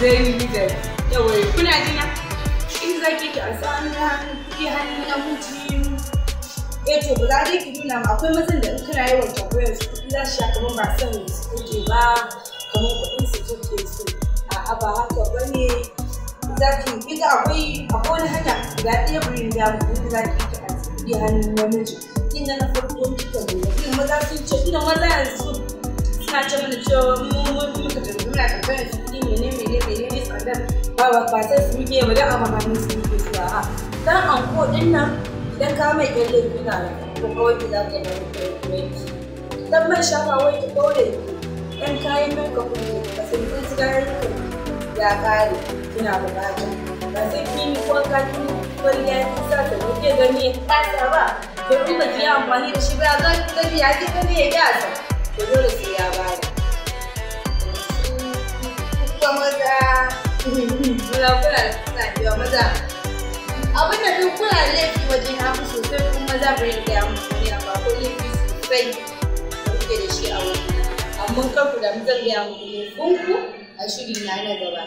very needed yawa kuna jina in za ki ki ansa hannu hannu ki hannu na huji eh to ba za dai ki nuna ma akwai mazan da in kana yawan tambayar su kuɗi za su sha kamar ba son su kuke ba kamar kuɗin su kuke su a'a ba haka ba ne za ki ita akwai akwai wani hanya guda ɗaya burin da mutum za ki ki ansa kuɗi hannu namiji kin na farko kika nuna kin maza sun ce ina maza yanzu suna ce mana cewa tafi muna tafiya ba sai su miƙe ba dan a makamin su miƙe zuwa a dan anko din nan idan ka mai kyan laifi na da ko kawai ki za ka yi mai dan mai shafa wai ki ɗaure dan kayan mai ka kuma ka sai kun ci kayan ya kare kina buƙata ba sai kin yi ko ka kin ya ki sa ta ke gani ya kasa ba domin ba ki yi amfani da shi ba za ki gani ya ki gani ya gyasa to dole sai ya bada. Kuma maza maza kuna da kuna maza abin da duk kuna laifi waje na fi sosai kuma maza bari da gaya muku ne ba ko laifi sosai da kuke da shi a wani amma kar da mu gaya muku laifinku a shiri na na gaba